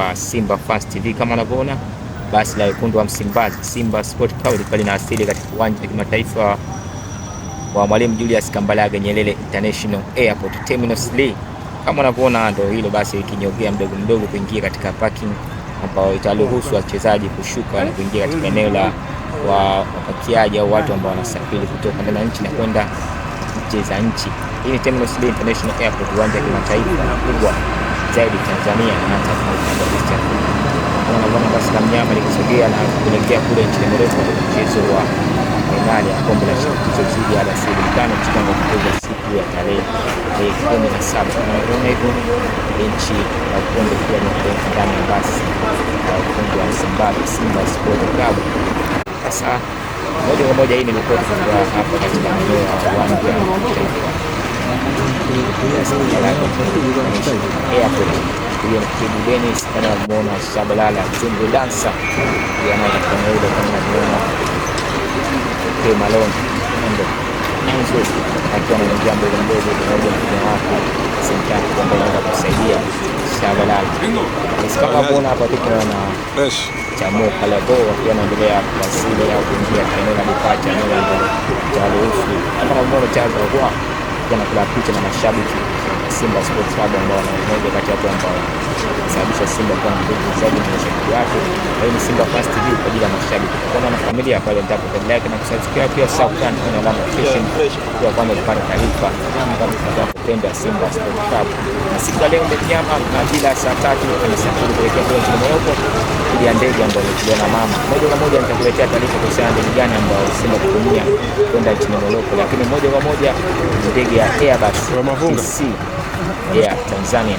kwa Simba Fast TV kama unavyoona, basi la wekundu wa Msimbazi Simba Sport Club ilikuwa linaasili katika uwanja wa kimataifa wa Mwalimu Julius Kambarage Nyerere International Airport Terminal 3. Kama unavyoona ndio hilo basi ikinyogea mdogo mdogo kuingia katika parking ambayo itaruhusu wachezaji kushuka na kuingia katika eneo la wa wapakiaji au watu ambao wanasafiri kutoka ndani ya nchi na kwenda nje za nchi. Hii ni Terminal 3 International Airport, uwanja wa kimataifa mkubwa zaidi Tanzania na hata kwa upande wa East basi la mnyama likisogea na kuelekea kule nchini Morocco katika mchezo wa fainali ya kombe la shirikisho dhidi ya RS Berkane mtango kucheza siku ya tarehe kumi na saba. Naona hivyo nchi ya kombe pia ni ndani ya basi ya ukumbi wa Msimbazi, Simba Sports Club. Sasa moja kwa moja hii ni nimekuwa hapa katika maeneo ya uwanja wa Muna siya balala Jimbo Lanza Yan ay pangulo ng Muna Kay Malone Nando Nanzo Akiwa na mjambo la mdogo Kinogo Kinawaka Sintaki kwa mbalanga kusaidia Siya balala Kama Muna hapa tukiwa na Chamu Kalabo wakiwa wanaendelea kwa sile ya kuingia kaeneo la Bukacha Eneo la Jaluhusu Kama Muna chanzo kwa pia na kila picha na mashabiki Simba Sports Club ambao ni mmoja kati ya watu ambao cha Simba kwa ndugu zangu na mashabiki wake. Kwa ni Simba Fans TV kwa ajili ya mashabiki. Kwa na familia pale kwa like na kusubscribe pia sawa subscribe kwenye alama station kwa kwanza kupata taarifa kama kupenda Simba Sports Club. Na siku leo ndio kiama na bila saa 3 na saa 4 kuelekea kwa timu yako ili ya ndege ambayo ni na mama. Moja kwa moja nitakuletea taarifa kuhusu ndege gani ambayo Simba kutumia kwenda nchini Morocco, lakini moja kwa moja ndege ya Airbus Roma ya Tanzania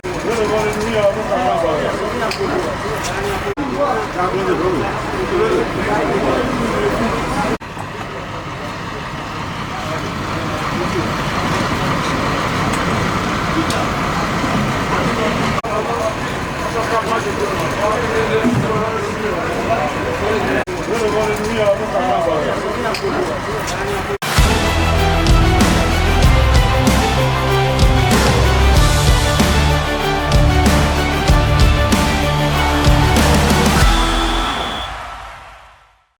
আপনাদের